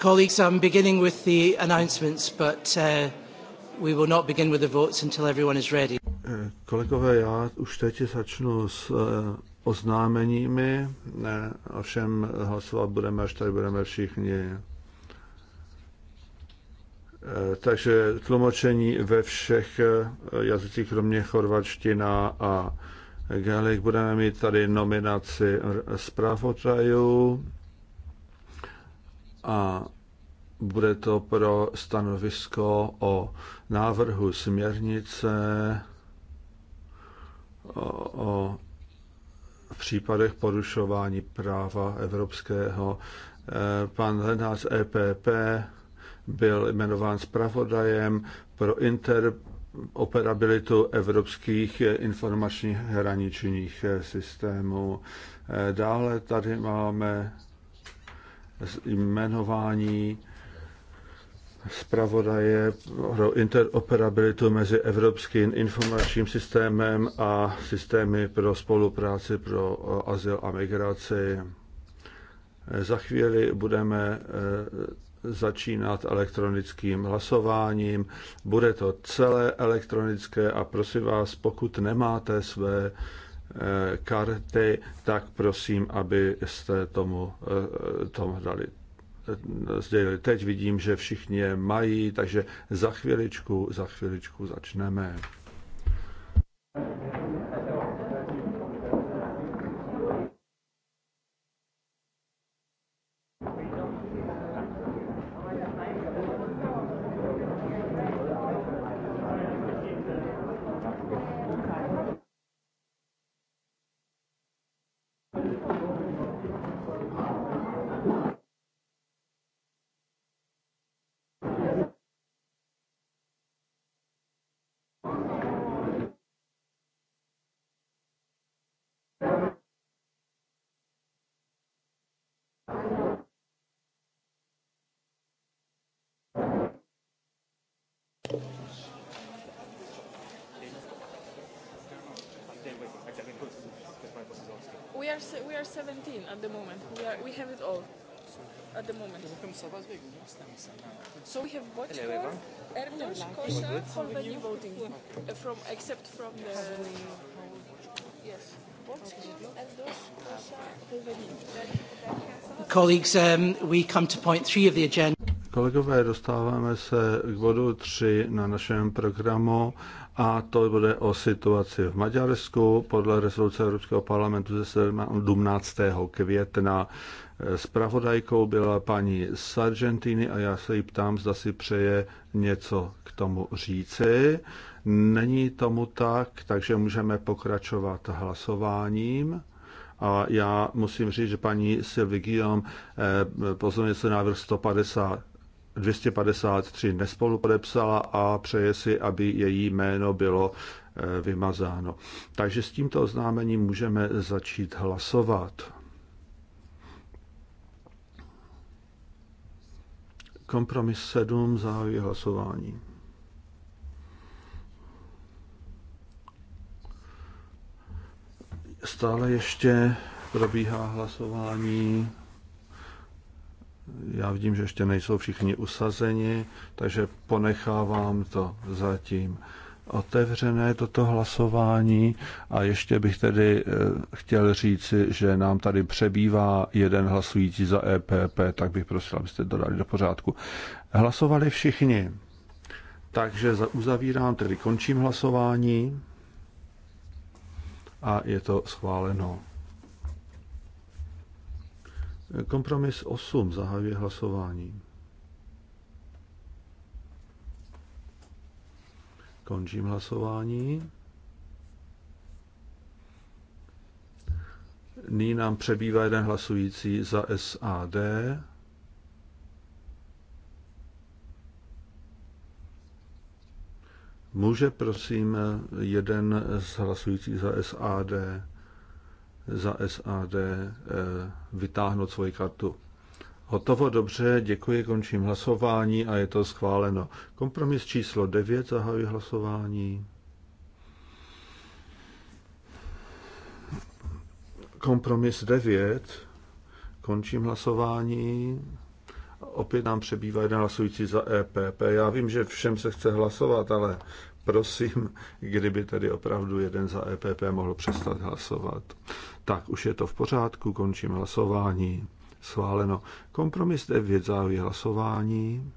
Colleagues, I'm beginning with the announcements, but uh, we will not begin with the votes until everyone is ready. Eh, kolegové, já už teď začnu s uh, oznámeními, ne, ovšem hlasovat budeme, až tady budeme všichni. Eh, takže tlumočení ve všech jazycích, kromě chorvačtina a gaelic, budeme mít tady nominaci zpráv o traju, a bude to pro stanovisko o návrhu směrnice o, o případech porušování práva evropského. Eh, pan Lenář EPP byl jmenován zpravodajem pro interoperabilitu evropských informačních hraničních eh, systémů. Eh, dále tady máme jmenování zpravodaje pro interoperabilitu mezi Evropským informačním systémem a systémy pro spolupráci pro eh, azyl a migraci. Za chvíli budeme eh, začínat elektronickým hlasováním. Bude to celé elektronické a prosím vás, pokud nemáte své Eh, karty, tak prosím, abyste tomu, eh, tomu dali eh, sdělili. Teď vidím, že všichni je mají, takže za chviličku, za chviličku začneme. we are we are 17 at the moment. We are we have it all at the moment. So we have what? Erdos, Kosha all the new voting, uh, from except from the yes. Colleagues, um, we come to point three of the agenda. Kolegové, dostáváme se k bodu 3 na našem programu a to bude o situaci v Maďarsku podle rezoluce Evropského parlamentu ze 17. května. zpravodajkou byla paní Sargentini a já se jí ptám, zda si přeje něco k tomu říci. Není tomu tak, takže můžeme pokračovat hlasováním. A já musím říct, že paní Sylvie Guillaume eh, pozorně se návrh 150 253 nespolupodepsala a přeje si, aby její jméno bylo eh, vymazáno. Takže s tímto oznámením můžeme začít hlasovat. Kompromis 7 zahajuje hlasování. Stále ještě probíhá hlasování. Já vidím, že ještě nejsou všichni usazeni, takže ponechávám to zatím otevřené toto hlasování a ještě bych tedy eh, chtěl říci, že nám tady přebývá jeden hlasující za EPP, tak bych prosil, abyste dodali do pořádku. Hlasovali všichni, takže uzavírám, tedy končím hlasování a je to schváleno. Kompromis 8 zahajuje hlasování. Končím hlasování. Nyní nám přebývá jeden hlasující za SAD. Může prosím jeden z hlasujících za SAD za SAD eh, vytáhnout svoji kartu. Hotovo, dobře, děkuji, končím hlasování a je to schváleno. Kompromis číslo 9, zahajuji hlasování. Kompromis 9, končím hlasování. Opět nám přebývá jeden hlasující za EPP. Já vím, že všem se chce hlasovat, ale prosím, kdyby tedy opravdu jeden za EPP mohl přestat hlasovat. Tak už je to v pořádku, končím hlasování. Schváleno. Kompromis 9 závěr hlasování.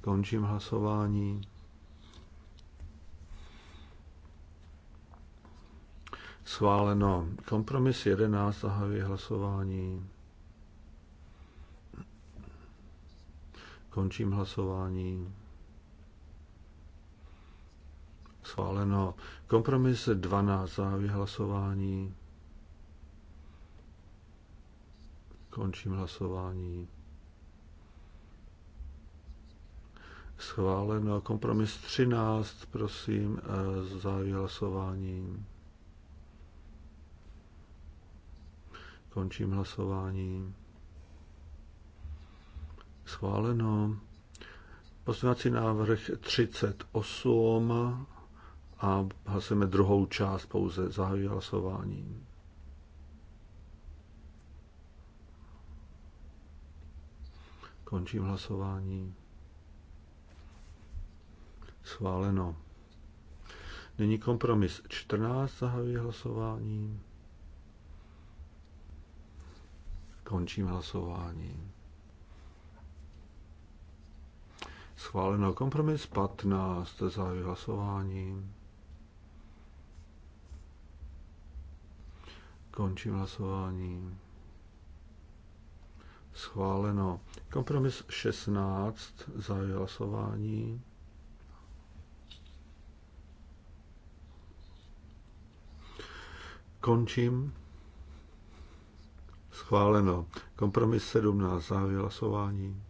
Končím hlasování. Schváleno. Kompromis 11 zahajuje hlasování. Končím hlasování. Schváleno. Kompromis 12. za hlasování. Končím hlasování. Schváleno. Kompromis 13. Prosím, eh, za hlasování. Končím hlasování. Schváleno. Poslanecí návrh 38 a hlasujeme druhou část pouze. Zahajuji hlasování. Končím hlasování. Schváleno. Nyní kompromis 14. Zahajuji hlasování. Končím hlasování. Schváleno kompromis 15. Zahajuji hlasování. Končím hlasování. Schváleno. Kompromis 16. Zahajuji hlasování. Končím. Schváleno. Kompromis 17. Zahajuji hlasování.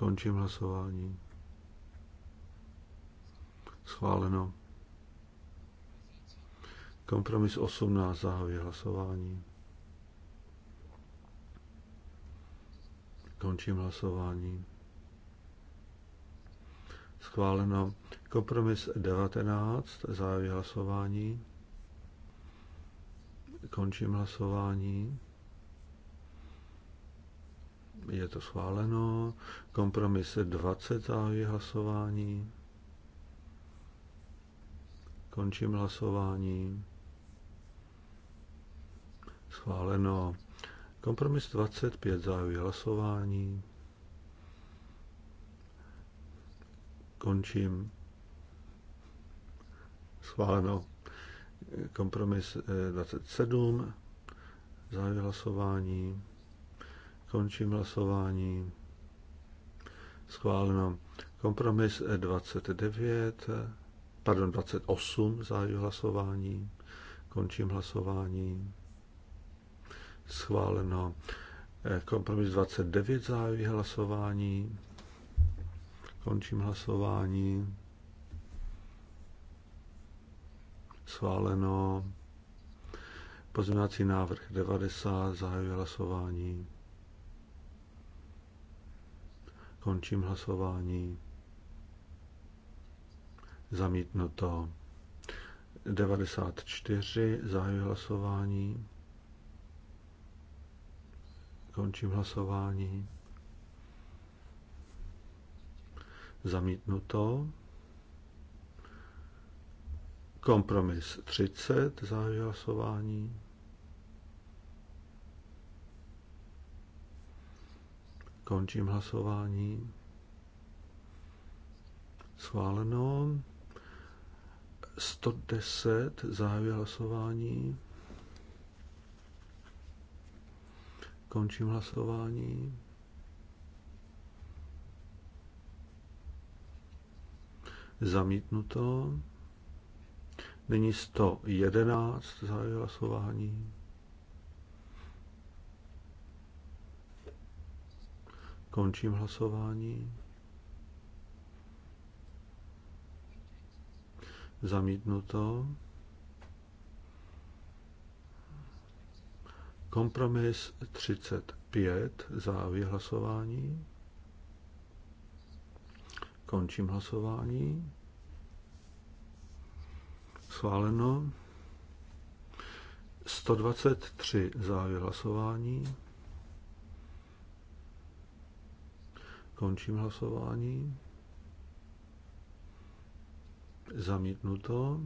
Končím hlasování. Schváleno. Kompromis 18 zahajuje hlasování. Končím hlasování. Schváleno. Kompromis 19 zahajuje hlasování. Končím hlasování je to schváleno. Kompromis 20 zahajuje hlasování. Končím hlasování. Schváleno. Kompromis 25 zahajuje hlasování. Končím. Schváleno. Kompromis 27 eh, zahajuje hlasování. Končím hlasování. Schváleno. Kompromis 29, pardon, 28, zahájí hlasování. Končím hlasování. Schváleno. Kompromis 29, zahájí hlasování. Končím hlasování. Schváleno. Pozměňovací návrh 90, zahajuji hlasování. Končím hlasování. Zamítnuto. 94. Zahajuji hlasování. Končím hlasování. Zamítnuto. Kompromis 30. Zahajuji hlasování. Končím hlasování. Schváleno. 110 zahajuje hlasování. Končím hlasování. Zamítnuto. Nyní 111 zahajuje hlasování. Končím hlasování. Zamítnuto. Kompromis 35. Závěr hlasování. Končím hlasování. Schváleno. 123 závěr hlasování. Končím hlasování. Zamítnuto.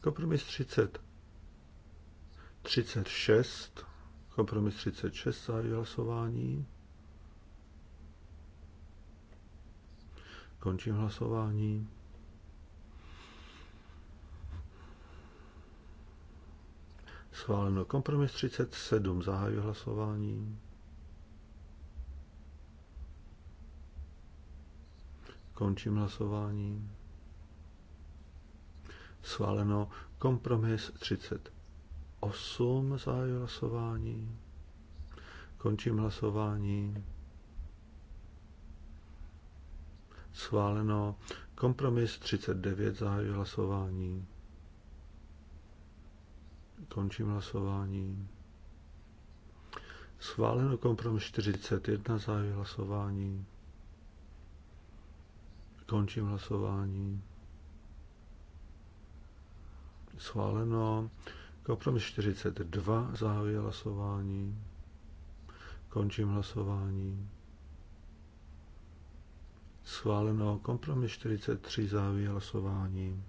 Kompromis 30. 36. Kompromis 36 zahájí hlasování. Končím hlasování. Schváleno kompromis 37. Zahajuji hlasování. Končím hlasování. Schváleno kompromis 38 za hlasování. Končím hlasování. Schváleno kompromis 39 za hlasování. Končím hlasování. Schváleno kompromis 41 za hlasování. Končím hlasování. Schváleno. Kompromis 42 zahajuje hlasování. Končím hlasování. Schváleno. Kompromis 43 zahajuje hlasování.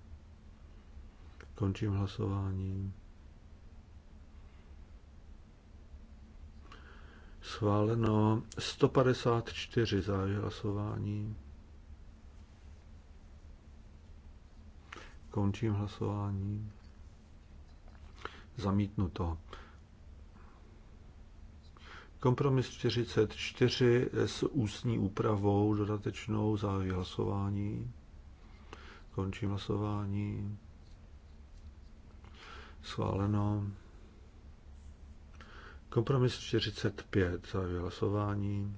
Končím hlasování. Schváleno 154 závěr hlasování. Končím hlasování. Zamítnu to. Kompromis 44 s ústní úpravou dodatečnou zahájí hlasování. Končím hlasování. Schváleno. Kompromis 45 zahájí hlasování.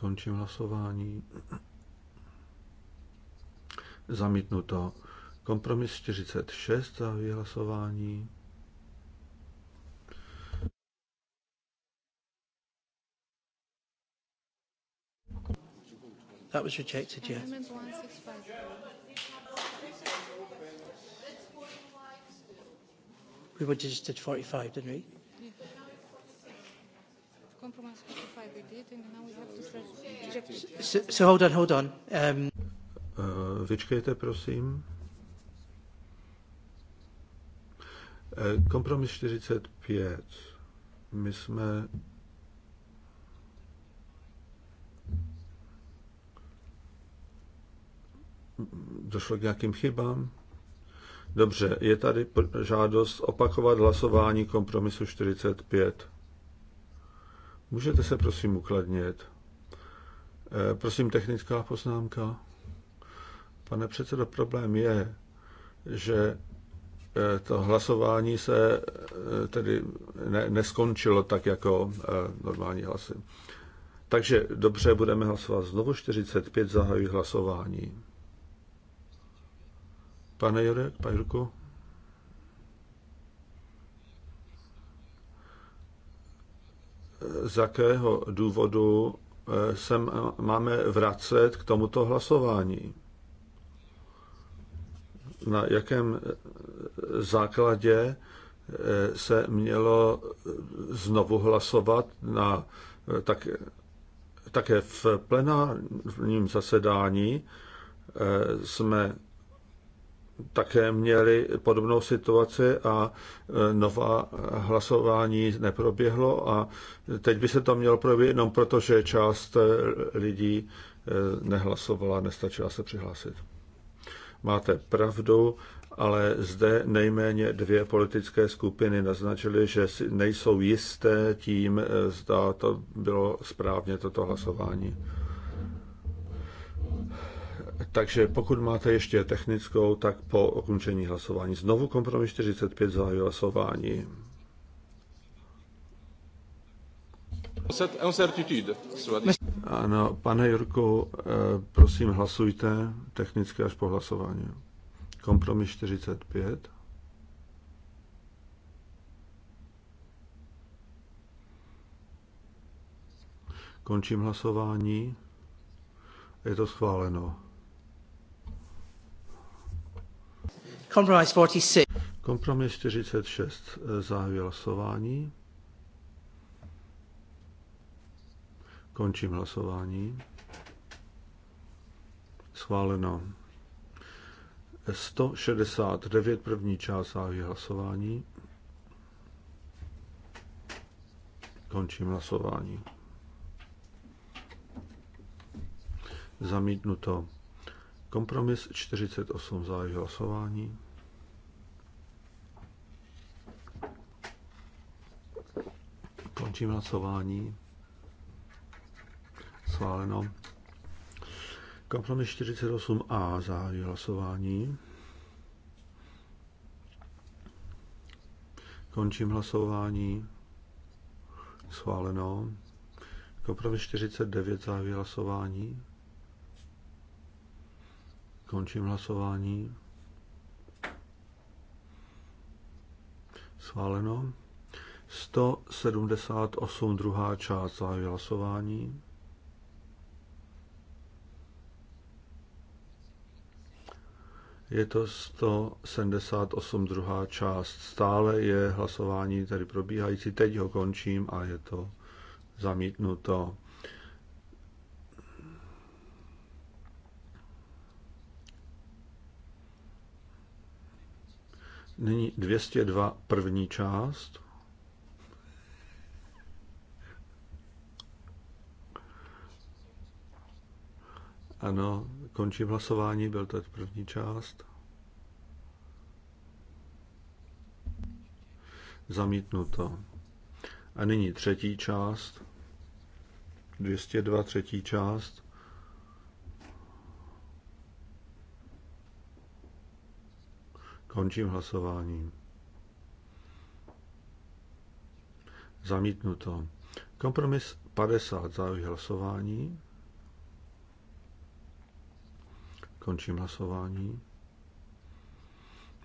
Končím hlasování. Zamítnuto. Kompromis 46 za vyhlasování. That was rejected, yeah. We were just at 45, didn't we? So, so hold on, hold on. Um... Uh, vyčkejte, prosím. Eh, kompromis 45. My jsme došlo k nějakým chybám. Dobře, je tady žádost opakovat hlasování kompromisu 45. Můžete se prosím ukladnit. Eh, prosím, technická poznámka. Pane předsedo, problém je, že eh, to hlasování se eh, tedy ne, neskončilo tak jako normální hlasy. Takže dobře, budeme hlasovat znovu 45, zahajují hlasování. Pane Jurek, Pajrku? z jakého důvodu eh, se máme vracet k tomuto hlasování. Na jakém eh, základě eh, se mělo znovu hlasovat na, tak, také v plenárním zasedání jsme také měli podobnou situaci a e, nová hlasování neproběhlo a teď by se to mělo proběhnout jenom proto, že část e, lidí e, nehlasovala, nestačila se přihlásit. Máte pravdu, ale zde nejméně dvě politické skupiny naznačily, že nejsou jisté tím, zda to bylo správně toto hlasování. Takže pokud máte ještě technickou, tak po ukončení hlasování. Znovu kompromis 45 zahajuje hlasování. Ano, pane Jurku, eh, prosím hlasujte technicky až po hlasování. Kompromis 45. Končím hlasování. Je to schváleno. Compromise 46. Kompromis 46. Zahajuji hlasování. Končím hlasování. Schváleno. 169 první část zahájí hlasování. Končím hlasování. Zamítnuto. Kompromis 48 záleží hlasování. Končím hlasování. Sváleno. Kompromis 48a záleží hlasování. Končím hlasování. Schváleno. Kompromis 49 záleží hlasování. Končím hlasování. Schváleno. 178 druhá část zahájí hlasování. Je to 178 druhá část. Stále je hlasování tady probíhající. Teď ho končím a je to zamítnuto. Nyní 202 první část. Ano, končím hlasování, byl to první část. Zamítnuto. A nyní třetí část. 202 třetí část. Končím hlasování. Zamítnuto. Kompromis 50 Zahajuji hlasování. Končím hlasování.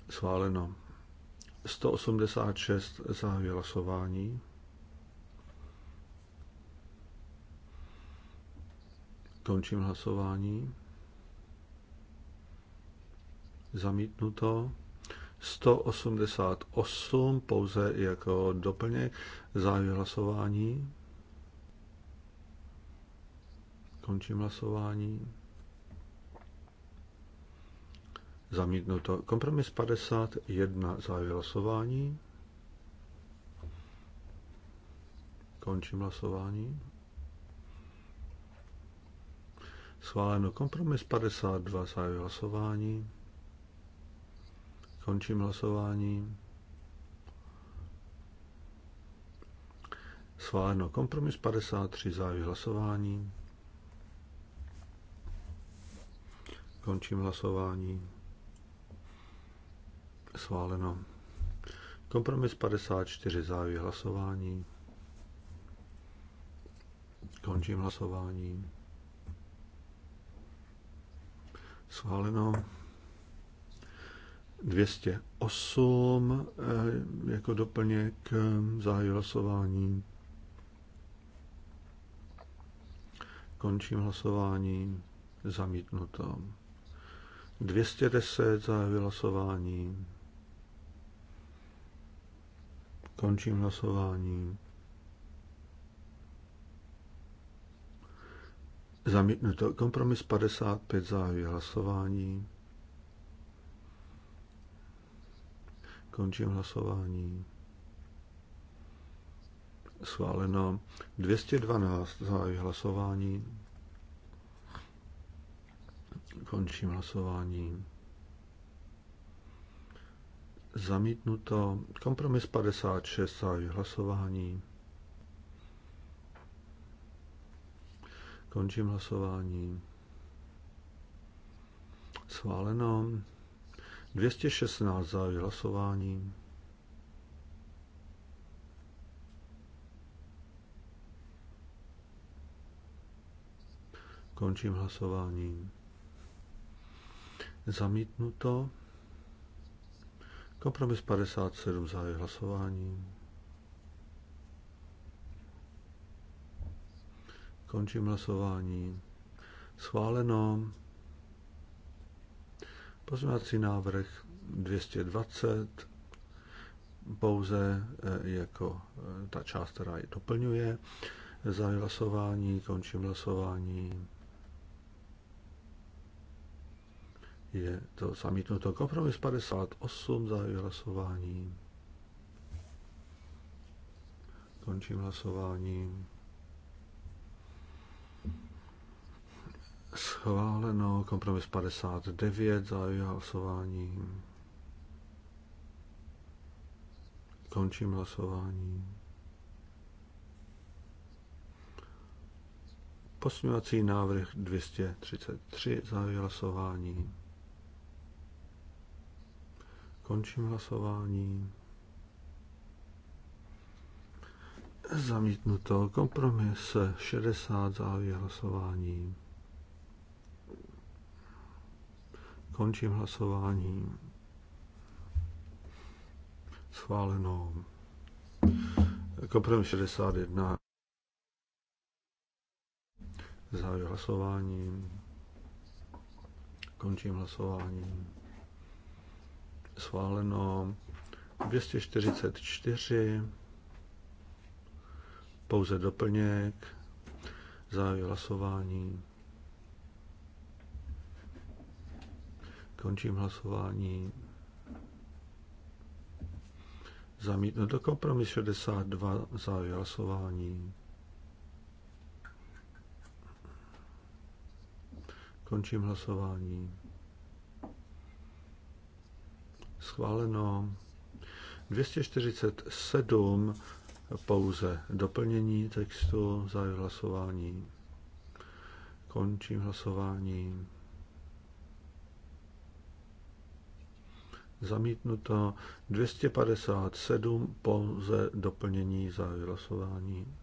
Sváleno. 186 Zahajuji hlasování. Končím hlasování. Zamítnuto. 188 pouze jako doplněk závěr hlasování. Končím hlasování. Zamítnuto. Kompromis 51 závěr hlasování. Končím hlasování. Schváleno kompromis 52 závěr hlasování. Končím hlasování. Schváleno kompromis 53, závěr hlasování. Končím hlasování. Sváleno. Kompromis 54 závěr hlasování. Končím hlasování. Sváleno. 208 eh, jako doplněk eh, zahájí hlasování. Končím hlasování. Zamítnuto. 210 zahájí hlasování. Končím hlasování. Zamítnuto. Kompromis 55 zahájí hlasování. Končím hlasování. Sváleno 212 zahájí hlasování. Končím hlasování. Zamítnuto. Kompromis 56 zahájí hlasování. Končím hlasování. Sváleno. 216 za hlasování. Končím hlasování. Zamítnuto. Kompromis 57 za hlasování. Končím hlasování. Schváleno. Pozměňovací návrh 220 pouze e, jako e, ta část, která ji doplňuje. Za hlasování, končím hlasování. Je to zamítnuto kompromis 58, zahajuji hlasování. Končím hlasování. Schváleno. Kompromis 59. Zahajuji hlasování. Končím hlasování. Posměvací návrh 233. Zahajuji hlasování. Končím hlasování. Zamítnuto. Kompromis 60. Zahajuji hlasování. Končím hlasování. Schváleno. Jako první 61. Zahajuji hlasování. Končím hlasování. Schváleno 244. Pouze doplněk. Zahajuji hlasování. Končím hlasování. to kompromis 62 za hlasování. Končím hlasování. Schváleno 247 pouze doplnění textu za hlasování. Končím hlasování. Zamítnuto 257 pouze doplnění za hlasování.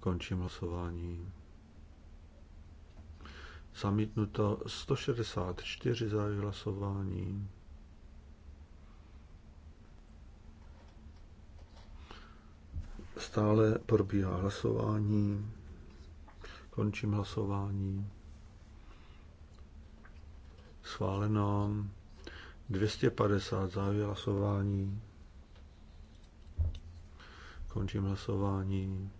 Končím hlasování. Zamítnuto 164 za hlasování. Stále probíhá hlasování. Končím hlasování. Schváleno 250 závěr hlasování. Končím hlasování.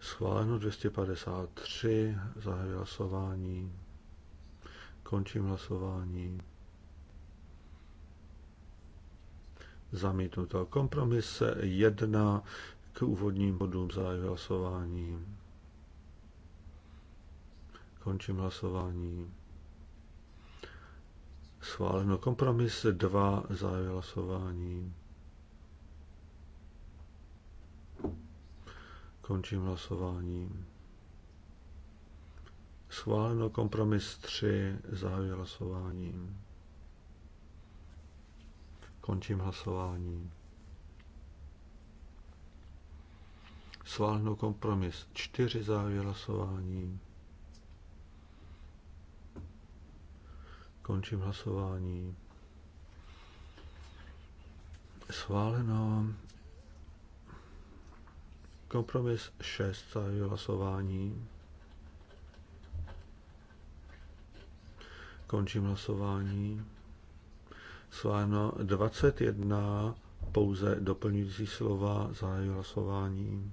Schváleno 253, závěr hlasování. Končím hlasování. Zamítnuto. Kompromis 1 k úvodním bodům zahajuji hlasování. Končím hlasování. Schváleno. Kompromis 2. Zahajuji hlasování. Končím hlasování. Schváleno. Kompromis 3. Zahajuji hlasování. Končím hlasování. Schváleno. Kompromis 4. Zahajuji hlasování. Končím hlasování. Schváleno. Kompromis 6 zahajuji hlasování. Končím hlasování. Schváleno 21 pouze doplňující slova zahajuji hlasování.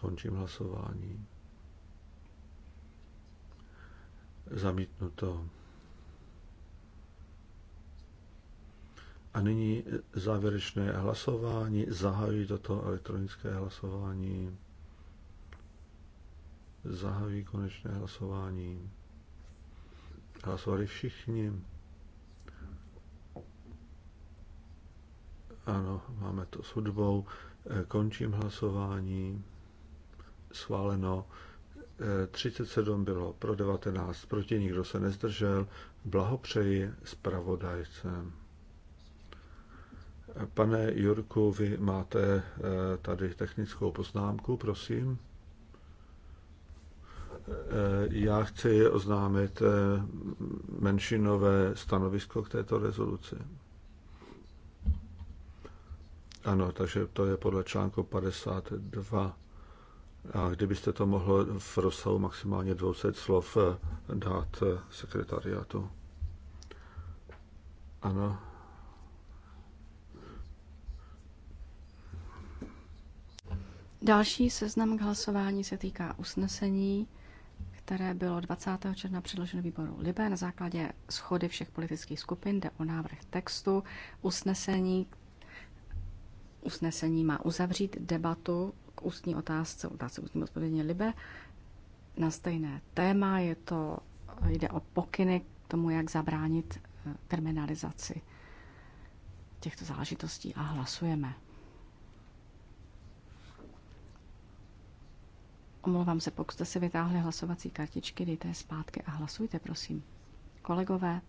Končím hlasování. Zamítnuto. A nyní závěrečné hlasování. Zahajuji toto elektronické hlasování. Zahajuji konečné hlasování. Hlasovali všichni. Ano, máme to s hudbou. Končím hlasování. Schváleno. 37 bylo pro 19, proti nikdo se nezdržel. Blahopřeji zpravodajce. Pane Jurku, vy máte eh, tady technickou poznámku, prosím. Eh, já chci oznámit eh, menšinové stanovisko k této rezoluci. Ano, takže to je podle článku 52 a kdybyste to mohlo v rozsahu maximálně 200 slov eh, dát eh, sekretariátu. Ano. Další seznam k hlasování se týká usnesení, které bylo 20. června předloženo výboru Libe na základě schody všech politických skupin. Jde o návrh textu usnesení. Usnesení má uzavřít debatu k ústní otázce, otázce ústní odpovědně Libe, na stejné téma. Je to, jde o pokyny k tomu, jak zabránit terminalizaci eh, těchto záležitostí a hlasujeme. Omlouvám se, pokud jste si vytáhli hlasovací kartičky, dejte je zpátky a hlasujte, prosím. Kolegové,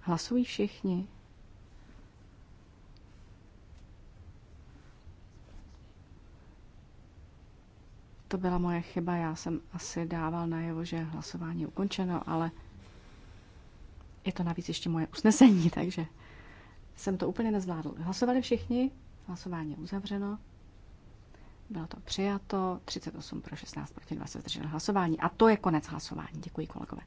hlasují všichni? To byla moje chyba, já jsem asi dával najevo, že hlasování je ukončeno, ale je to navíc ještě moje usnesení, takže jsem to úplně nezvládl. Hlasovali všichni, hlasování je uzavřeno, bylo to přijato, 38 pro 16 proti 2 se zdrželo hlasování. A to je konec hlasování. Děkuji kolegové.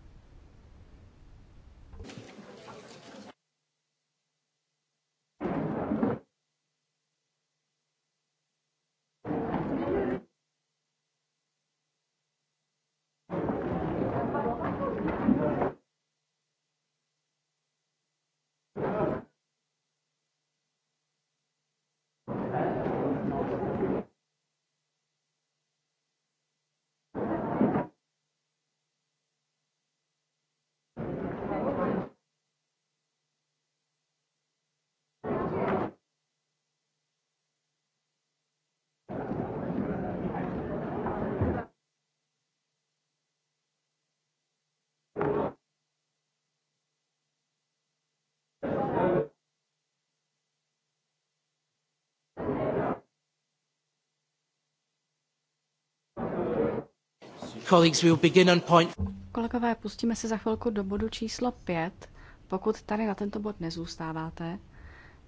Colleagues, we'll begin on point... Kolegové, pustíme se za chvilku do bodu číslo 5. Pokud tady na tento bod nezůstáváte,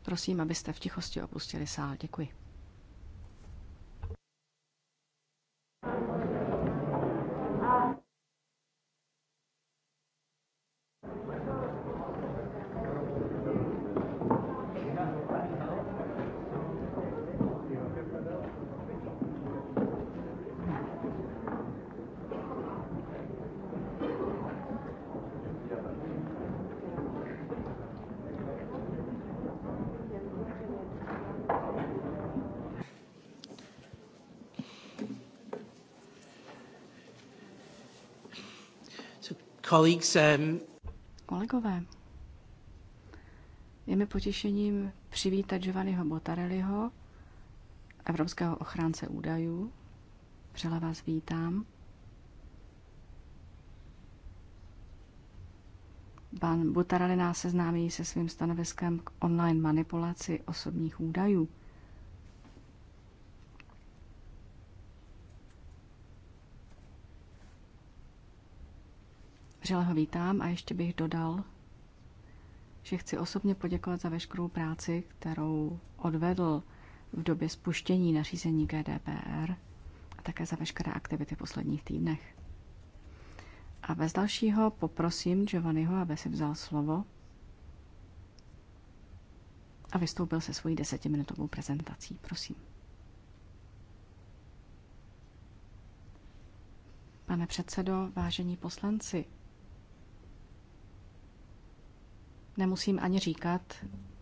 prosím, abyste v tichosti opustili sál. Děkuji. Um, Kolegové, je mi potěšením přivítat Giovanniho Botarelliho, evropského ochránce údajů. Přele vás vítám. Pan Botarelli nás seznámí se svým stanoviskem k online manipulaci osobních údajů. Vřele ho vítám a ještě bych dodal, že chci osobně poděkovat za veškerou práci, kterou odvedl v době spuštění nařízení GDPR a také za veškeré aktivity v posledních týdnech. A bez dalšího poprosím Giovanniho, aby si vzal slovo a vystoupil se svojí desetiminutovou prezentací. Prosím. Pane předsedo, vážení poslanci, Nemusím ani říkat,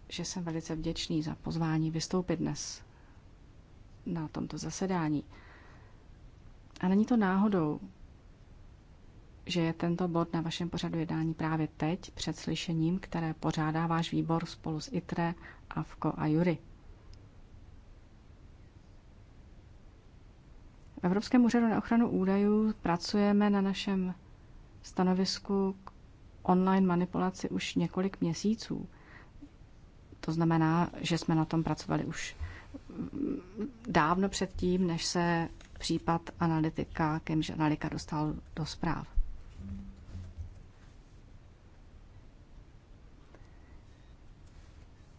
že jsem velice vděčný za pozvání vystoupit dnes na tomto zasedání. A není to náhodou, že je tento bod na vašem pořadu jednání právě teď, před slyšením, které pořádá váš výbor spolu s ITRE, AVKO a JURY. V Evropském úřadu na ochranu údajů pracujeme na našem stanovisku k online manipulaci už několik měsíců. To znamená, že jsme na tom pracovali už dávno předtím, než se případ analytika Kim Analyka dostal do zpráv.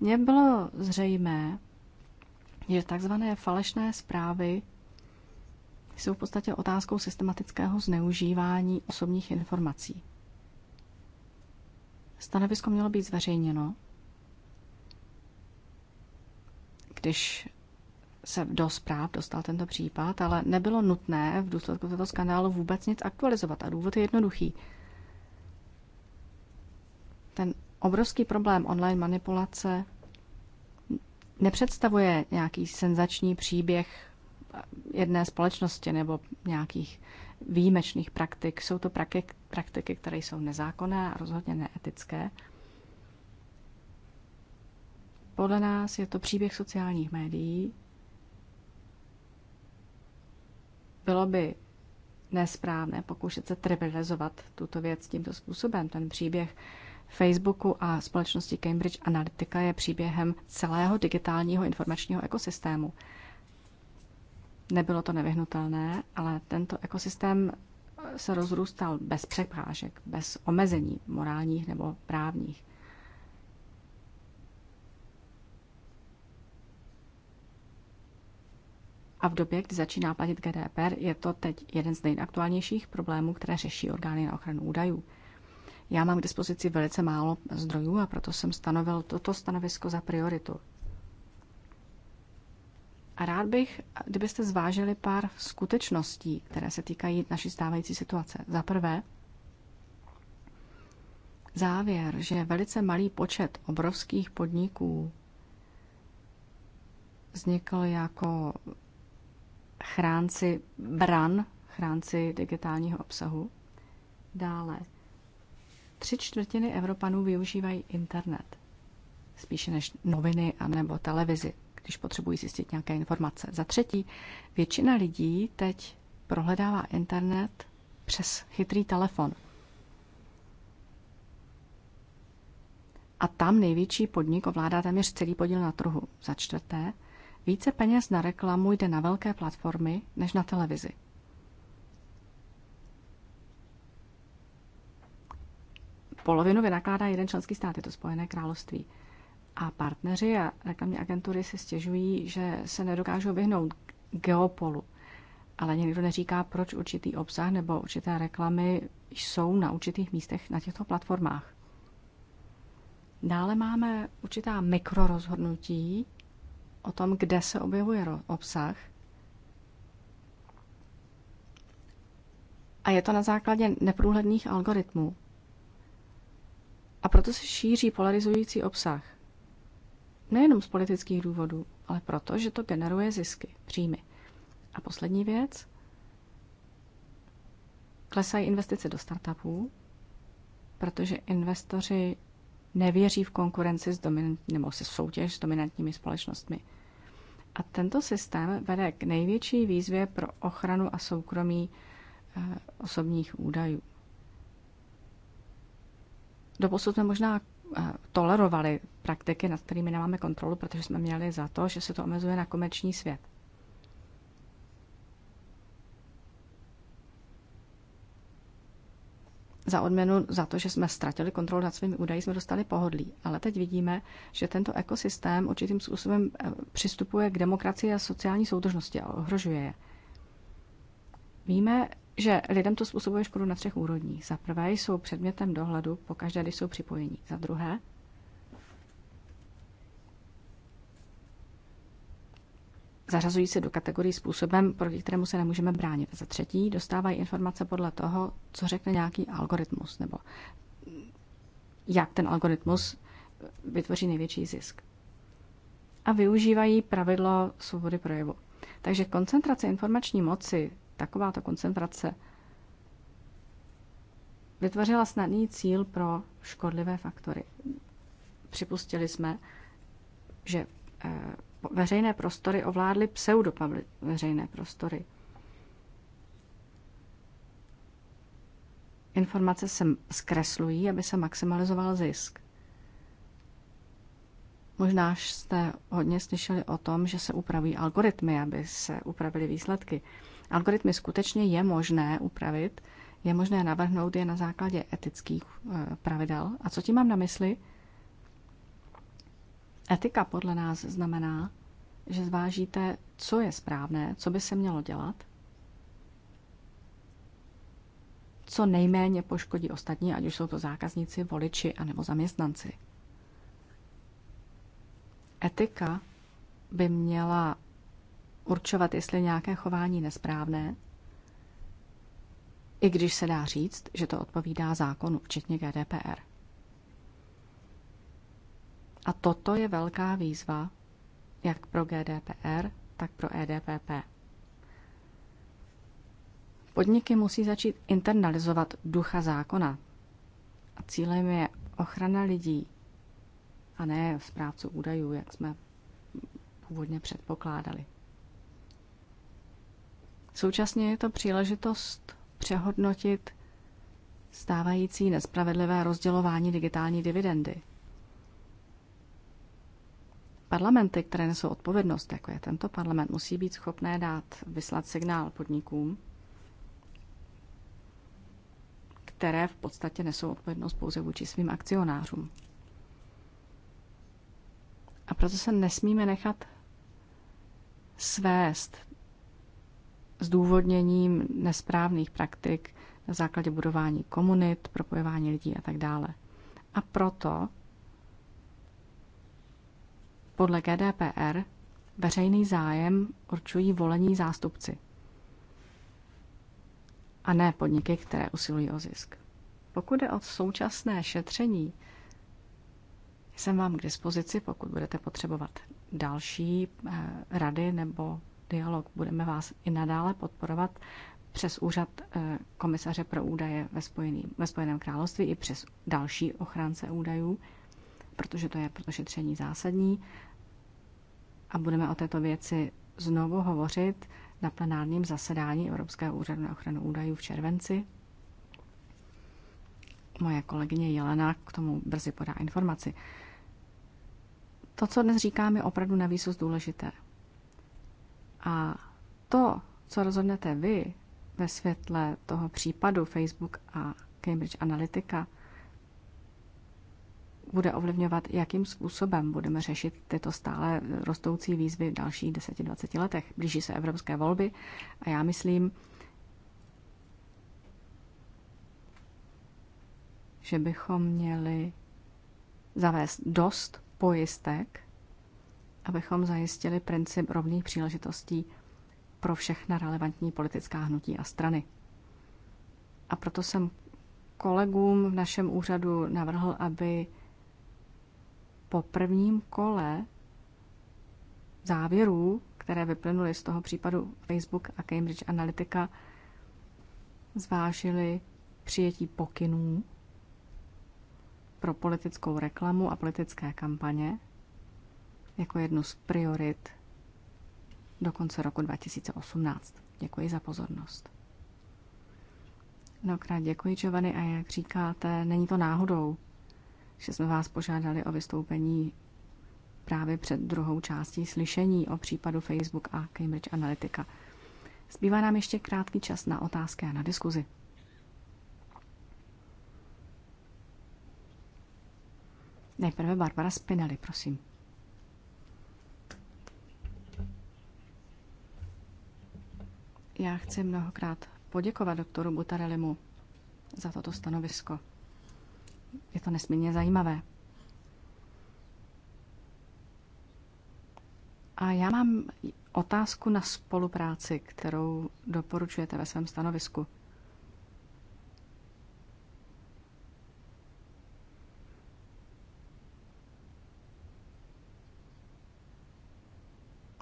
Mně bylo zřejmé, že takzvané falešné zprávy jsou v podstatě otázkou systematického zneužívání osobních informací. Stanovisko mělo být zveřejněno, když se do zpráv dostal tento případ, ale nebylo nutné v důsledku tohoto skandálu vůbec nic aktualizovat. A důvod je jednoduchý. Ten obrovský problém online manipulace nepředstavuje nějaký senzační příběh jedné společnosti nebo nějakých výjimečných praktik. Jsou to praktiky, které jsou nezákonné a rozhodně neetické. Podle nás je to příběh sociálních médií. Bylo by nesprávné pokoušet se trivializovat tuto věc tímto způsobem. Ten příběh Facebooku a společnosti Cambridge Analytica je příběhem celého digitálního informačního ekosystému. Nebylo to nevyhnutelné, ale tento ekosystém eh, se rozrůstal bez překážek, bez omezení morálních nebo právních. A v době, kdy začíná platit GDPR, je to teď jeden z nejaktuálnějších problémů, které řeší orgány na ochranu údajů. Já mám k dispozici velice málo zdrojů a proto jsem stanovil toto stanovisko za prioritu. A rád bych, kdybyste zvážili pár skutečností, které se týkají naší stávající situace. Za prvé, závěr, že velice malý počet obrovských podniků vznikl jako chránci bran, chránci digitálního obsahu. Dále, tři čtvrtiny Evropanů využívají internet, spíše než noviny anebo televizi když potřebují zjistit nějaké informace. Za třetí, většina lidí teď prohledává internet přes chytrý telefon. A tam největší podnik ovládá téměř celý podíl na trhu. Za čtvrté, více peněz na reklamu jde na velké platformy než na televizi. Polovinu vynakládá jeden členský stát, je to Spojené království. A partneři a reklamní agentury si stěžují, že se nedokážou vyhnout geopolu. Ale někdo neříká, proč určitý obsah nebo určité reklamy jsou na určitých místech na těchto platformách. Dále máme určitá mikrorozhodnutí o tom, kde se objevuje obsah. A je to na základě neprůhledných algoritmů. A proto se šíří polarizující obsah. Nejenom z politických důvodů, ale proto, že to generuje zisky, příjmy. A poslední věc. Klesají investice do startupů, protože investoři nevěří v konkurenci s dominant, nebo se soutěž s dominantními společnostmi. A tento systém vede k největší výzvě pro ochranu a soukromí eh, osobních údajů. Doposud jsme možná tolerovali praktiky, nad kterými nemáme kontrolu, protože jsme měli za to, že se to omezuje na komerční svět. Za odměnu za to, že jsme ztratili kontrolu nad svými údaji, jsme dostali pohodlí. Ale teď vidíme, že tento ekosystém určitým způsobem eh, přistupuje k demokracii a sociální soudržnosti a ohrožuje je. Víme, že lidem to způsobuje škodu na třech úrovních. Za prvé jsou předmětem dohledu pokaždé, když jsou připojení. Za druhé, zařazují se do kategorii způsobem, proti kterému se nemůžeme bránit. za třetí, dostávají informace podle toho, co řekne nějaký algoritmus, nebo jak ten algoritmus vytvoří největší zisk. A využívají pravidlo svobody projevu. Takže koncentrace informační moci takováto koncentrace vytvořila snadný cíl pro škodlivé faktory. Připustili jsme, že eh, veřejné prostory ovládly pseudopavly veřejné prostory. Informace se zkreslují, aby se maximalizoval zisk. Možná jste hodně slyšeli o tom, že se upraví algoritmy, aby se upravily výsledky. Algoritmy skutečně je možné upravit, je možné navrhnout je na základě etických eh, pravidel. A co tím mám na mysli? Etika podle nás znamená, že zvážíte, co je správné, co by se mělo dělat, co nejméně poškodí ostatní, ať už jsou to zákazníci, voliči anebo zaměstnanci. Etika by měla určovat, jestli nějaké chování nesprávné, i když se dá říct, že to odpovídá zákonu, včetně GDPR. A toto je velká výzva jak pro GDPR, tak pro EDPP. Podniky musí začít internalizovat ducha zákona. A cílem je ochrana lidí a ne zprávců údajů, jak jsme původně předpokládali. Současně je to příležitost přehodnotit stávající nespravedlivé rozdělování digitální dividendy. Parlamenty, které nesou odpovědnost, jako je tento parlament, musí být schopné dát vyslat signál podnikům, které v podstatě nesou odpovědnost pouze vůči svým akcionářům. A proto se nesmíme nechat svést zdůvodněním nesprávných praktik na základě budování komunit, propojování lidí a tak dále. A proto podle GDPR veřejný zájem určují volení zástupci a ne podniky, které usilují o zisk. Pokud je o současné šetření, jsem vám k dispozici, pokud budete potřebovat další eh, rady nebo dialog. Budeme vás i nadále podporovat přes úřad eh, komisaře pro údaje ve, Spojený, ve Spojeném království i přes další ochránce údajů, protože to je pro šetření zásadní. A budeme o této věci znovu hovořit na plenárním zasedání Evropského úřadu na ochranu údajů v červenci. Moje kolegyně Jelena k tomu brzy podá informaci. To, co dnes říkám, je opravdu navíc důležité. A to, co rozhodnete vy ve světle toho případu Facebook a Cambridge Analytica, bude ovlivňovat, jakým způsobem budeme řešit tyto stále rostoucí výzvy v dalších 10-20 letech. Blíží se evropské volby a já myslím, že bychom měli zavést dost pojistek abychom zajistili princip rovných příležitostí pro všechna relevantní politická hnutí a strany. A proto jsem kolegům v našem úřadu navrhl, aby po prvním kole závěrů, které vyplynuly z toho případu Facebook a Cambridge Analytica, zvážili přijetí pokynů pro politickou reklamu a politické kampaně jako jednu z priorit do konce roku 2018. Děkuji za pozornost. Mnohokrát děkuji, Giovanni, a jak říkáte, není to náhodou, že jsme vás požádali o vystoupení právě před druhou částí slyšení o případu Facebook a Cambridge Analytica. Zbývá nám ještě krátký čas na otázky a na diskuzi. Nejprve Barbara Spinelli, prosím. Já chci mnohokrát poděkovat doktoru Butarelimu za toto stanovisko. Je to nesmírně zajímavé. A já mám otázku na spolupráci, kterou doporučujete ve svém stanovisku.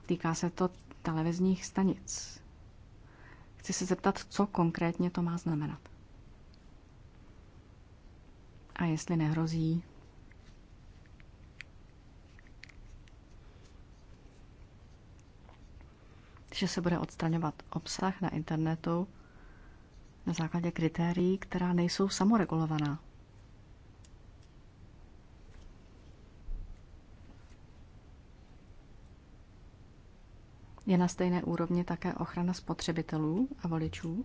Týká se to televizních stanic. Chci se zeptat, co konkrétně to má znamenat. A jestli nehrozí, že se bude odstraňovat obsah na internetu na základě kritérií, která nejsou samoregulovaná. Je na stejné úrovni také ochrana spotřebitelů a voličů?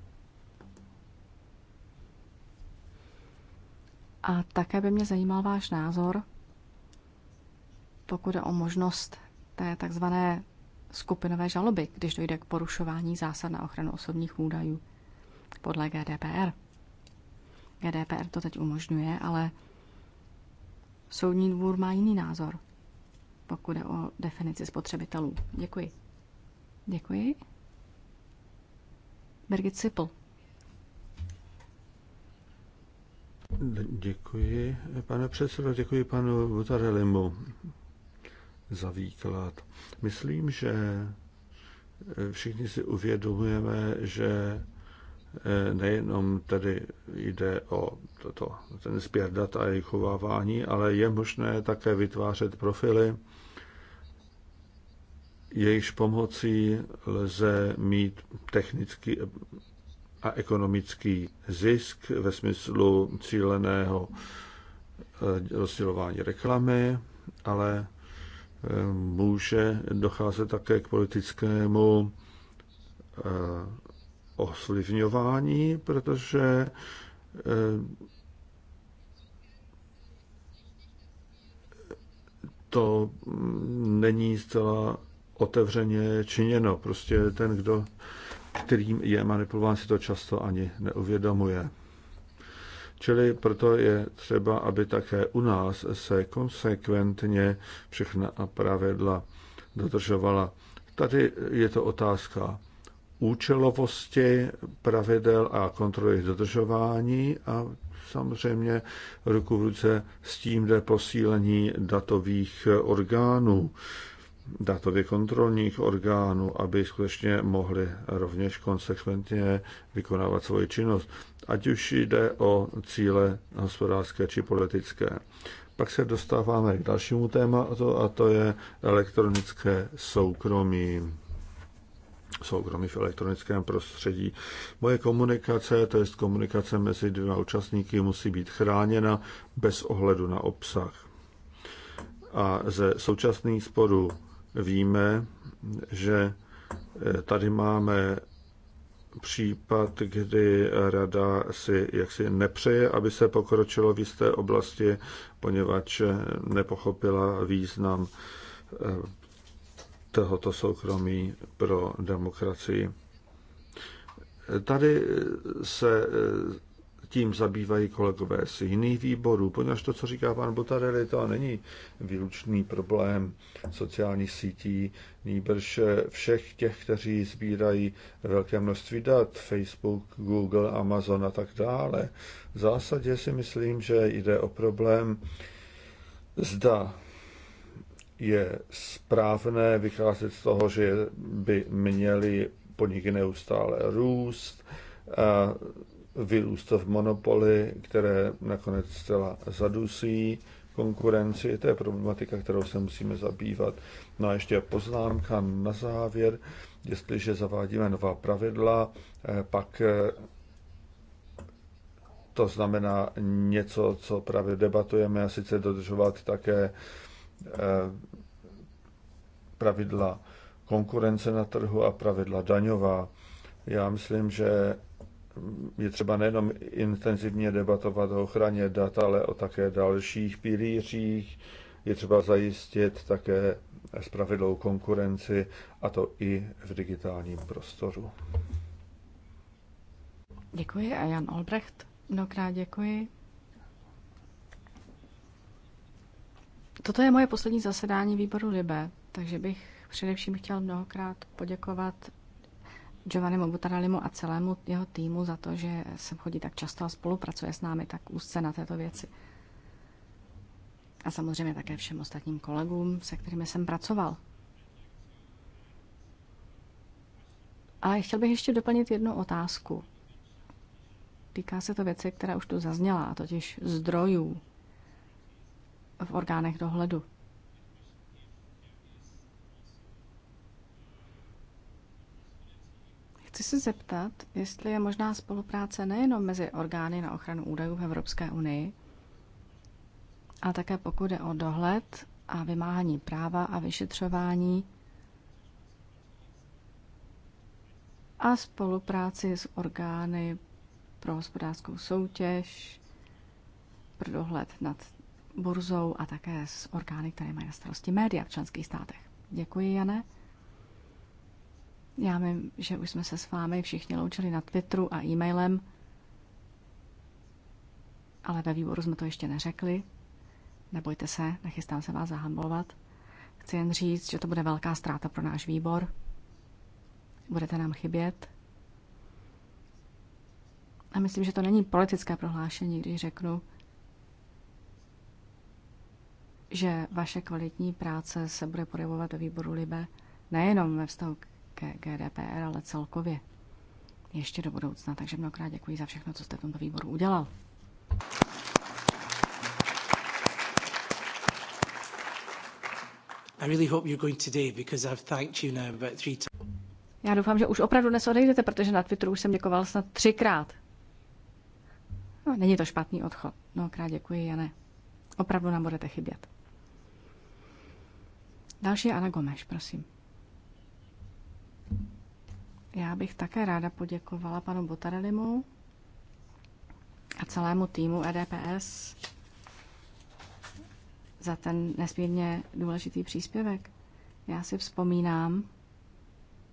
A také by mě zajímal váš názor, pokud je o možnost té takzvané skupinové žaloby, když dojde k porušování zásad na ochranu osobních údajů podle GDPR. GDPR to teď umožňuje, ale Soudní dvůr má jiný názor, pokud je o definici spotřebitelů. Děkuji. Děkuji. Birgit Sipl. Děkuji, pane předsedo, děkuji panu Butarelimu za výklad. Myslím, že všichni si uvědomujeme, že eh, nejenom tedy jde o toto, ten sběr data a jejich chovávání, ale je možné také vytvářet profily jejichž pomocí lze mít technický a ekonomický zisk ve smyslu cíleného eh, rozdělování reklamy, ale eh, může docházet také k politickému eh, oslivňování, protože to mm, není zcela otevřeně činěno. Prostě ten, kdo, kterým je manipulován, si to často ani neuvědomuje. Čili proto je třeba, aby také u nás se konsekventně všechna pravidla dodržovala. Tady je to otázka účelovosti pravidel a kontroly dodržování a samozřejmě ruku v ruce s tím jde posílení datových orgánů datově kontrolních orgánů, aby skutečně mohli rovněž konsekventně vykonávat svoji činnost, ať už jde o cíle hospodářské či politické. Pak se dostáváme k dalšímu tématu a to je elektronické soukromí soukromí v elektronickém prostředí. Moje komunikace, to je komunikace mezi dvěma účastníky, musí být chráněna bez ohledu na obsah. A ze současných sporů víme, že eh, tady máme případ, kdy rada si jaksi nepřeje, aby se pokročilo v jisté oblasti, poněvadž eh, nepochopila význam eh, tohoto soukromí pro demokracii. Tady se tím zabývají kolegové z jiných výborů, poněvadž to, co říká pan Botarelli, to není výlučný problém sociálních sítí, nýbrž eh, všech těch, kteří sbírají velké množství dat, Facebook, Google, Amazon a tak dále. V zásadě si myslím, že jde o problém, zda je správné vycházet z toho, že by měly podniky neustále růst, vyrůstat v monopoly, které nakonec zcela zadusí konkurenci. To je problematika, kterou se musíme zabývat. No a ještě poznámka na závěr. Jestliže zavádíme nová pravidla, eh, pak eh, to znamená něco, co právě debatujeme, a sice dodržovat také eh, pravidla konkurence na trhu a pravidla daňová. Já myslím, že je třeba nejenom intenzivně debatovat o ochraně dat, ale o také dalších pilířích. Je třeba zajistit také spravedlou konkurenci, a to i v digitálním prostoru. Děkuji a Jan Olbrecht. Mnohokrát děkuji. Toto je moje poslední zasedání výboru Libe, takže bych především chtěl mnohokrát poděkovat Giovannimu Butaralimu a celému jeho týmu za to, že sem chodí tak často a spolupracuje s námi tak úzce na této věci. A samozřejmě také všem ostatním kolegům, se kterými jsem pracoval. A chtěl bych ještě doplnit jednu otázku. Týká se to věci, která už tu zazněla, a totiž zdrojů v orgánech dohledu. Chci se zeptat, jestli je možná spolupráce nejenom mezi orgány na ochranu údajů v Evropské unii, ale také pokud je o dohled a vymáhání práva a vyšetřování a spolupráci s orgány pro hospodářskou soutěž, pro dohled nad burzou a také s orgány, které mají na starosti média v členských státech. Děkuji, Jane. Já vím, že už jsme se s vámi všichni loučili na Twitteru a e-mailem, ale ve výboru jsme to ještě neřekli. Nebojte se, nechystám se vás zahambovat. Chci jen říct, že to bude velká ztráta pro náš výbor. Budete nám chybět. A myslím, že to není politické prohlášení, když řeknu, že vaše kvalitní práce se bude projevovat ve výboru Libe nejenom ve vztahu k ke GDPR, ale celkově ještě do budoucna. Takže mnohokrát děkuji za všechno, co jste v tomto výboru udělal. Já doufám, že už opravdu dnes odejdete, protože na Twitteru už jsem děkoval snad třikrát. No, není to špatný odchod. Mnohokrát děkuji, Jane. Opravdu nám budete chybět. Další je Ana Gomeš, prosím. Já bych také ráda poděkovala panu Botarelimu a celému týmu EDPS za ten nesmírně důležitý příspěvek. Já si vzpomínám,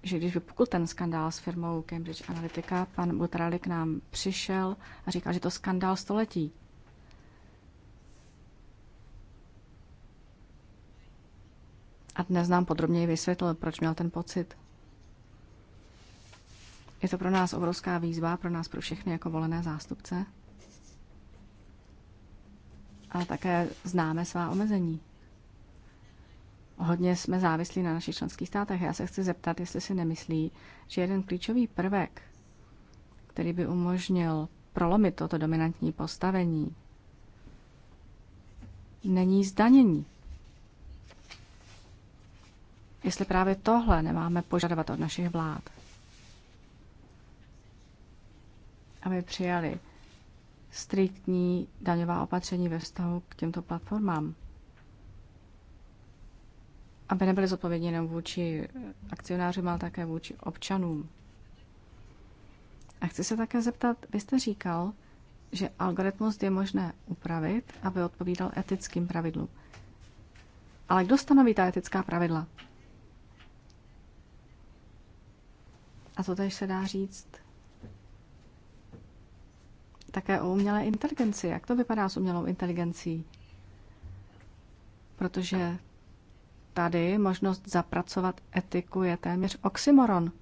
že když vypukl ten skandál s firmou Cambridge Analytica, pan Butrali k nám přišel a říkal, že to skandál století. A dnes nám podrobněji vysvětlil, proč měl ten pocit. Je to pro nás obrovská výzva, pro nás, pro všechny jako volené zástupce. a také známe svá omezení. Hodně jsme závislí na našich členských státech. Já se chci zeptat, jestli si nemyslí, že jeden klíčový prvek, který by umožnil prolomit toto dominantní postavení, není zdanění. Jestli právě tohle nemáme požadovat od našich vlád. aby přijali striktní daňová opatření ve vztahu k těmto platformám. Aby nebyly zodpovědní jenom vůči akcionářům, ale také vůči občanům. A chci se také zeptat, vy jste říkal, že algoritmus je možné upravit, aby odpovídal etickým pravidlům. Ale kdo stanoví ta etická pravidla? A to tež se dá říct také o umělé inteligenci. Jak to vypadá s umělou inteligencí? Protože tady možnost zapracovat etiku je téměř oxymoron.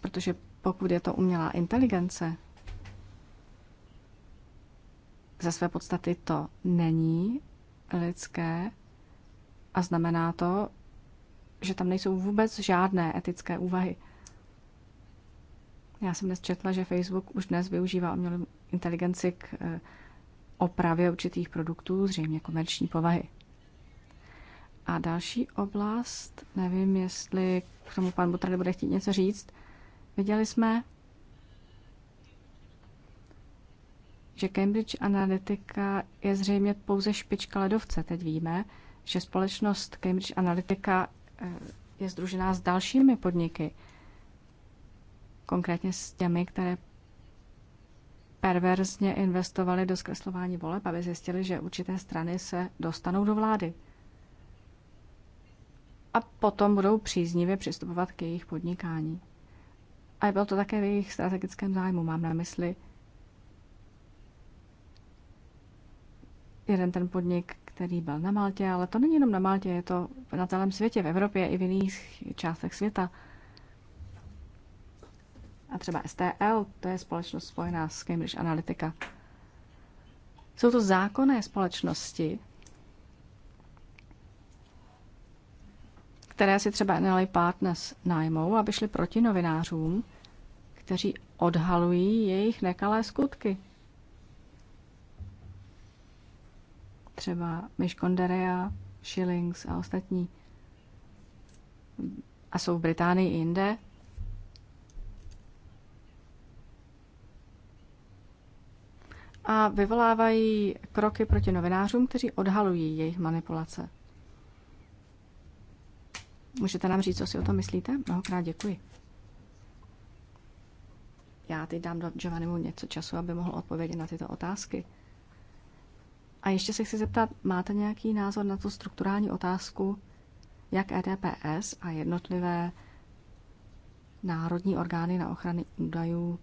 Protože pokud je to umělá inteligence, ze své podstaty to není lidské a znamená to, že tam nejsou vůbec žádné etické úvahy. Já jsem dnes četla, že Facebook už dnes využívá umělou inteligenci k eh, opravě určitých produktů, zřejmě komerční povahy. A další oblast, nevím, jestli k tomu pan Butr bude chtít něco říct, viděli jsme, že Cambridge Analytica je zřejmě pouze špička ledovce. Teď víme, že společnost Cambridge Analytica eh, je združená s dalšími podniky – konkrétně s těmi, které perverzně investovali do zkreslování voleb, aby zjistili, že určité strany se dostanou do vlády. A potom budou příznivě přistupovat k jejich podnikání. A bylo to také v jejich strategickém zájmu, mám na mysli. Jeden ten podnik, který byl na Maltě, ale to není jenom na Maltě, je to na celém světě, v Evropě i v jiných částech světa. A třeba STL, to je společnost spojená s Cambridge Analytica. Jsou to zákonné společnosti, které si třeba NLA Partners najmou, aby šli proti novinářům, kteří odhalují jejich nekalé skutky. Třeba Myškonderea, Shillings a ostatní. A jsou v Británii i jinde. a vyvolávají kroky proti novinářům, kteří odhalují jejich manipulace. Můžete nám říct, co si o tom myslíte? Mnohokrát děkuji. Já teď dám do Giovannimu něco času, aby mohl odpovědět na tyto otázky. A ještě se chci zeptat, máte nějaký názor na tu strukturální otázku, jak EDPS a jednotlivé národní orgány na ochranu údajů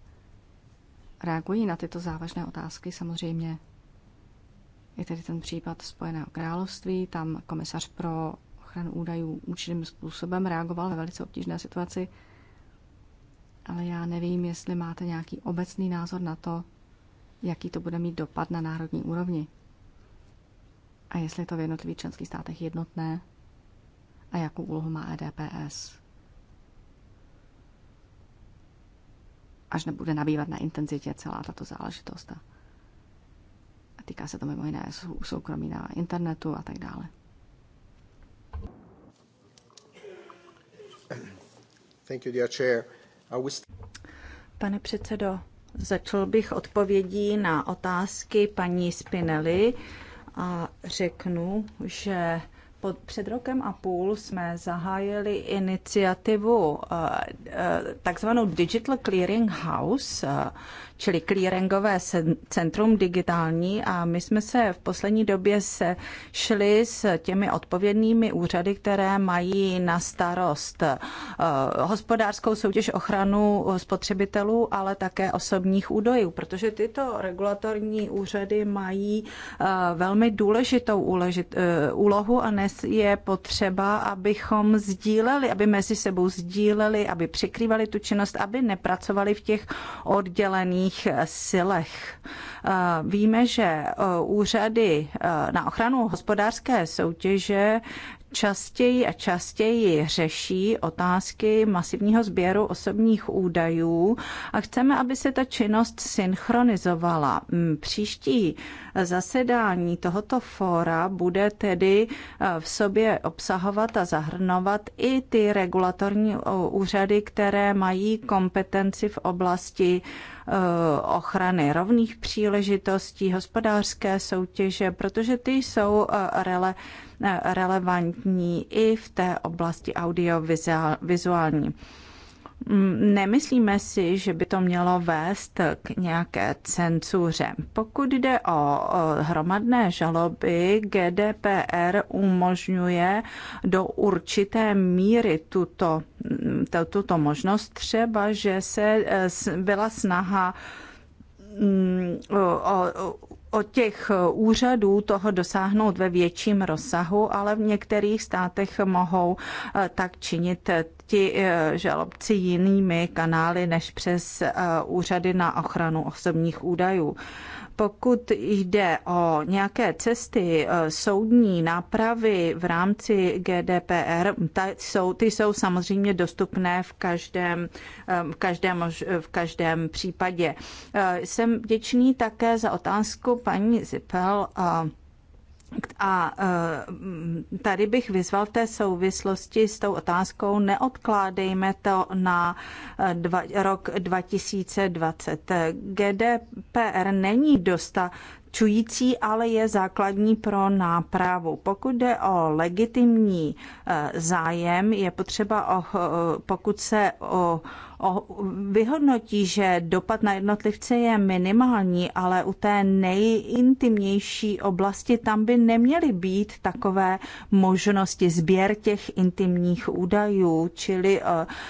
reagují na tyto závažné otázky. Samozřejmě je tedy ten případ Spojeného království, tam komisař pro ochranu údajů určitým způsobem reagoval ve velice obtížné situaci, ale já nevím, jestli máte nějaký obecný názor na to, jaký to bude mít dopad na národní úrovni. A jestli je to v jednotlivých členských státech jednotné a jakou úlohu má EDPS. až nebude nabývat na intenzitě celá tato záležitost. A, týká se to mimo jiné sou, soukromí na internetu a tak dále. Thank you, dear chair. Pane předsedo, začal bych odpovědí na otázky paní Spinelli a řeknu, že pod, před rokem a půl jsme zahájili iniciativu eh, eh, takzvanou Digital Clearing House, eh, čili clearingové centrum digitální a my jsme se v poslední době se šli s těmi odpovědnými úřady, které mají na starost eh, hospodářskou soutěž ochranu spotřebitelů, ale také osobních údajů, protože tyto regulatorní úřady mají eh, velmi důležitou eh, úlohu a dnes je potřeba, abychom sdíleli, aby mezi sebou sdíleli, aby překrývali tu činnost, aby nepracovali v těch oddělených ozbrojených eh, silech. Eh, víme, že eh, úřady na ochranu hospodářské soutěže častěji a častěji řeší otázky masivního sběru osobních údajů a chceme, aby se ta činnost synchronizovala. Mm, příští zasedání tohoto fóra bude tedy e, v sobě obsahovat a zahrnovat i ty regulatorní e, úřady, které mají kompetenci v oblasti e, ochrany rovných příležitostí, hospodářské soutěže, protože ty jsou rele relevantní i v té oblasti audiovizuální. Mm, nemyslíme si, že by to mělo vést k nějaké cenzuře. Pokud jde o hromadné žaloby, GDPR umožňuje do určité míry tuto, tuto možnost, třeba že se e, byla snaha mm, o od těch eh, úřadů toho dosáhnout ve větším rozsahu, ale v některých státech mohou eh, tak činit eh, ti žalobci jinými kanály než přes úřady na ochranu osobních údajů. Pokud jde o nějaké cesty eh, soudní nápravy v rámci GDPR, ta jsou, ty jsou samozřejmě dostupné v každém, eh, v každém, eh, v každém případě. Jsem vděčný také za otázku paní Zipel. A a e, tady bych vyzval v té souvislosti s tou otázkou, neodkládejme to na e, dva, rok 2020. GDPR není dosta čující, ale je základní pro nápravu. Pokud jde o legitimní e, zájem, je potřeba, o, pokud se o vyhodnotí, že dopad na jednotlivce je minimální, ale u té nejintimnější oblasti tam by neměly být takové možnosti sběr těch intimních údajů, čili e,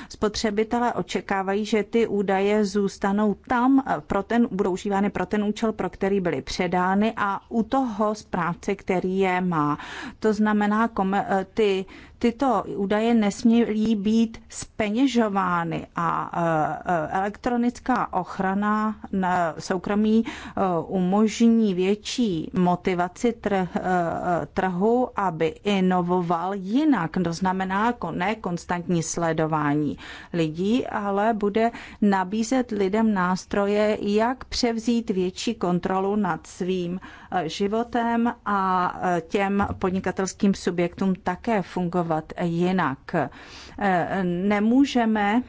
spotřebitelé očekávají, že ty údaje zůstanou tam, e, pro ten, budou užívány pro ten účel, pro který byly předány a u toho správce, který je má. To znamená, e, ty tyto údaje nesmí být speněžovány a eh, elektronická ochrana na soukromí eh, umožní větší motivaci eh, trhu, aby inovoval jinak. To znamená ne konstantní sledování lidí, ale bude nabízet lidem nástroje, jak převzít větší kontrolu nad svým Eh, životem a eh, těm podnikatelským subjektům také fungovat jinak. Eh, nemůžeme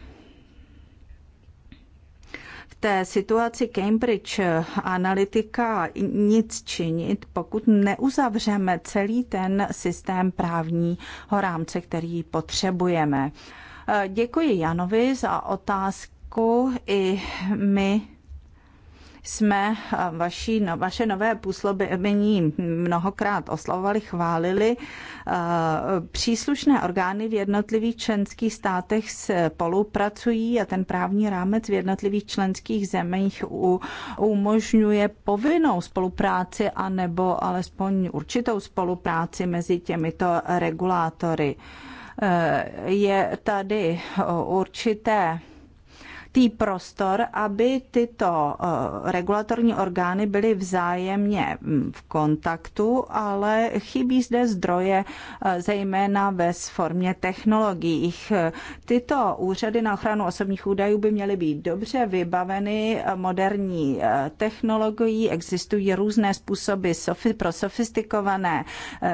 v té situaci Cambridge Analytica nic činit, pokud neuzavřeme celý ten systém právního rámce, který potřebujeme. Děkuji Janovi za otázku i my jsme eh, vaši, no, vaše nové působení mnohokrát oslavovali, chválili. Eh, příslušné orgány v jednotlivých členských státech spolupracují a ten právní rámec v jednotlivých členských zemích umožňuje povinnou spolupráci a nebo alespoň určitou spolupráci mezi těmito regulátory. Eh, je tady určité tý prostor, aby tyto eh, regulatorní orgány byly vzájemně hm, v kontaktu, ale chybí zde zdroje, eh, zejména ve formě technologiích. Eh, tyto úřady na ochranu osobních údajů by měly být dobře vybaveny moderní technologií, existují různé způsoby pro sofistikované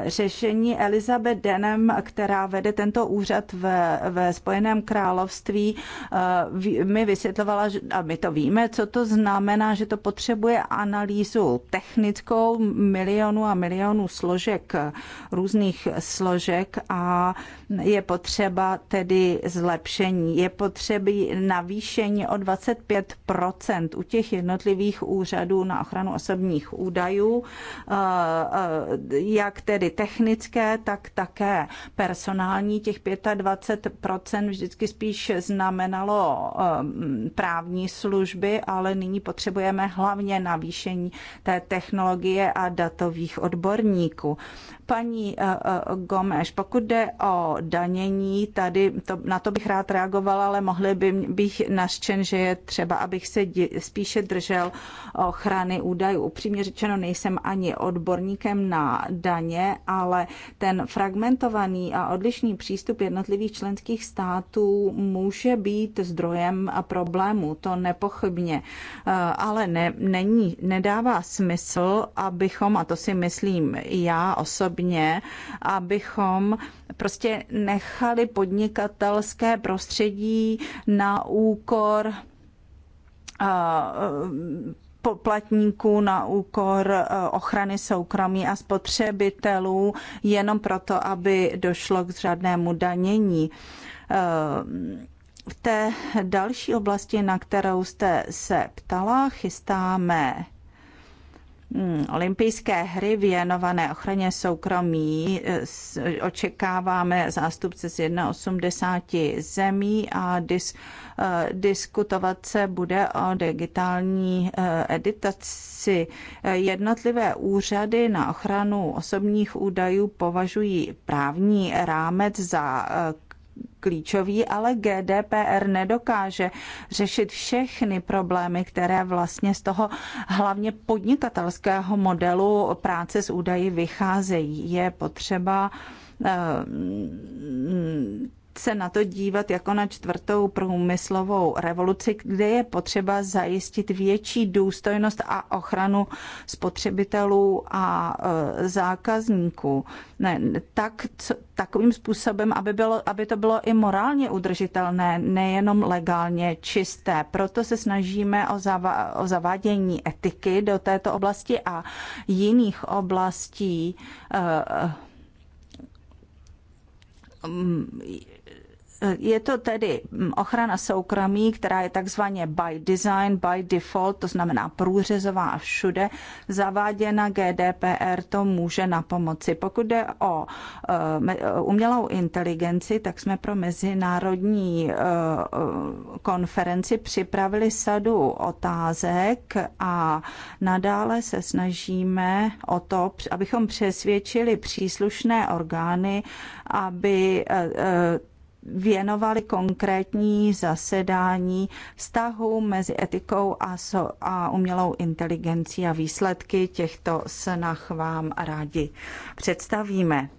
řešení. Elizabeth Denem, která vede tento úřad ve, ve Spojeném království, mi vysvětlovala, a my to víme, co to znamená, že to potřebuje analýzu technickou milionu a milionu složek, různých složek a je potřeba tedy zlepšení. Je potřeby navýšení o 25 u těch jednotlivých úřadů na ochranu osobních údajů, eh, eh, jak tedy technické, tak také personální. Těch 25 vždycky spíš znamenalo eh, Mm, právní služby, ale nyní potřebujeme hlavně navýšení té technologie a datových odborníků. Paní eh, eh, Gomeš, pokud jde o danění, tady to, na to bych rád reagovala, ale mohli by, bych naštěn, že je třeba, abych se dě, spíše držel ochrany údajů. Upřímně řečeno, nejsem ani odborníkem na daně, ale ten fragmentovaný a odlišný přístup jednotlivých členských států může být zdrojem problému, to nepochybně. Eh, ale ne, není, nedává smysl, abychom, a to si myslím já osobně, podobně, abychom prostě nechali podnikatelské prostředí na úkor e, poplatníků na úkor e, ochrany soukromí a spotřebitelů jenom proto, aby došlo k řadnému danění. E, v té další oblasti, na kterou jste se ptala, chystáme Hmm, olympijské hry věnované ochraně soukromí eh, očekáváme zástupce z 81 zemí a dis, eh, diskutovat se bude o digitální eh, editaci. Jednotlivé úřady na ochranu osobních údajů považují právní rámec za klíčový, ale GDPR nedokáže řešit všechny problémy, které vlastně z toho hlavně podnikatelského modelu práce s údaji vycházejí. Je potřeba eh, se na to dívat jako na čtvrtou průmyslovou revoluci, kde je potřeba zajistit větší důstojnost a ochranu spotřebitelů a e, zákazníků. Ne, tak, co, takovým způsobem, aby, bylo, aby to bylo i morálně udržitelné, nejenom legálně čisté. Proto se snažíme o, zava, o zavádění etiky do této oblasti a jiných oblastí. Uh, je to tedy mm, ochrana soukromí, která je takzvaně by design, by default, to znamená průřezová a všude, zaváděna GDPR, to může na pomoci. Pokud jde o e, e, umělou inteligenci, tak jsme pro mezinárodní e, konferenci připravili sadu otázek a nadále se snažíme o to, abychom přesvědčili příslušné orgány, aby věnovali konkrétní zasedání vztahu mezi etikou a, so, a umělou inteligencí a výsledky těchto snah vám rádi představíme.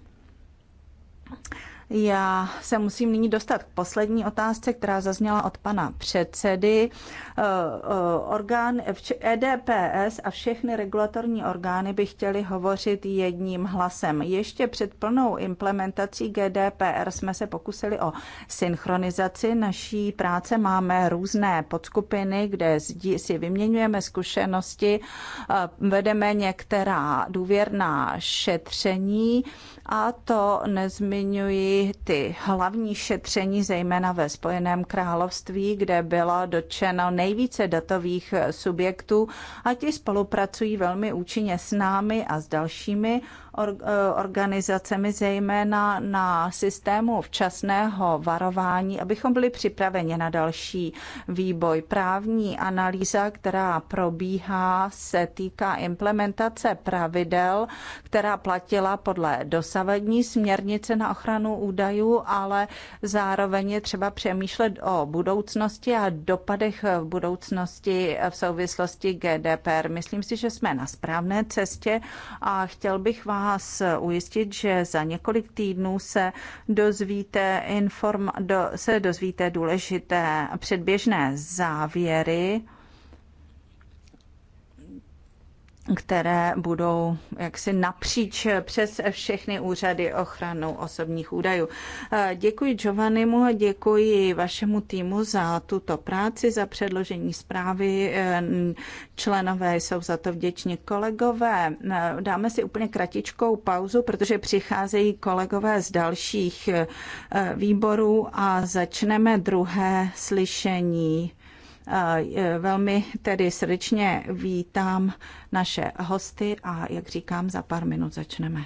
Já se musím nyní dostat k poslední otázce, která zazněla od pana předsedy. Eh, eh, orgán EDPS a všechny regulatorní orgány by chtěly hovořit jedním hlasem. Ještě před plnou implementací GDPR jsme se pokusili o synchronizaci naší práce. Máme různé podskupiny, kde si vyměňujeme zkušenosti, eh, vedeme některá důvěrná šetření a to nezmiňuji ty hlavní šetření, zejména ve Spojeném království, kde bylo dotčeno nej nejvíce datových subjektů a ti spolupracují velmi účinně s námi a s dalšími Eh, organizacemi, zejména na systému včasného varování, abychom byli připraveni na další výboj. Právní analýza, která probíhá, se týká implementace pravidel, která platila podle dosavadní směrnice na ochranu údajů, ale zároveň je třeba přemýšlet o budoucnosti a dopadech v budoucnosti v souvislosti GDPR. Myslím si, že jsme na správné cestě a chtěl bych vám vás ujistit, že za několik týdnů se dozvíte, inform, do, se dozvíte důležité předběžné závěry které budou jaksi napříč přes všechny úřady ochranou osobních údajů. Děkuji Giovannimu a děkuji vašemu týmu za tuto práci, za předložení zprávy. Členové jsou za to vděční. Kolegové, dáme si úplně kratičkou pauzu, protože přicházejí kolegové z dalších eh, výborů a začneme druhé slyšení E, velmi tedy srdečně vítám naše hosty a jak říkám, za pár minut začneme.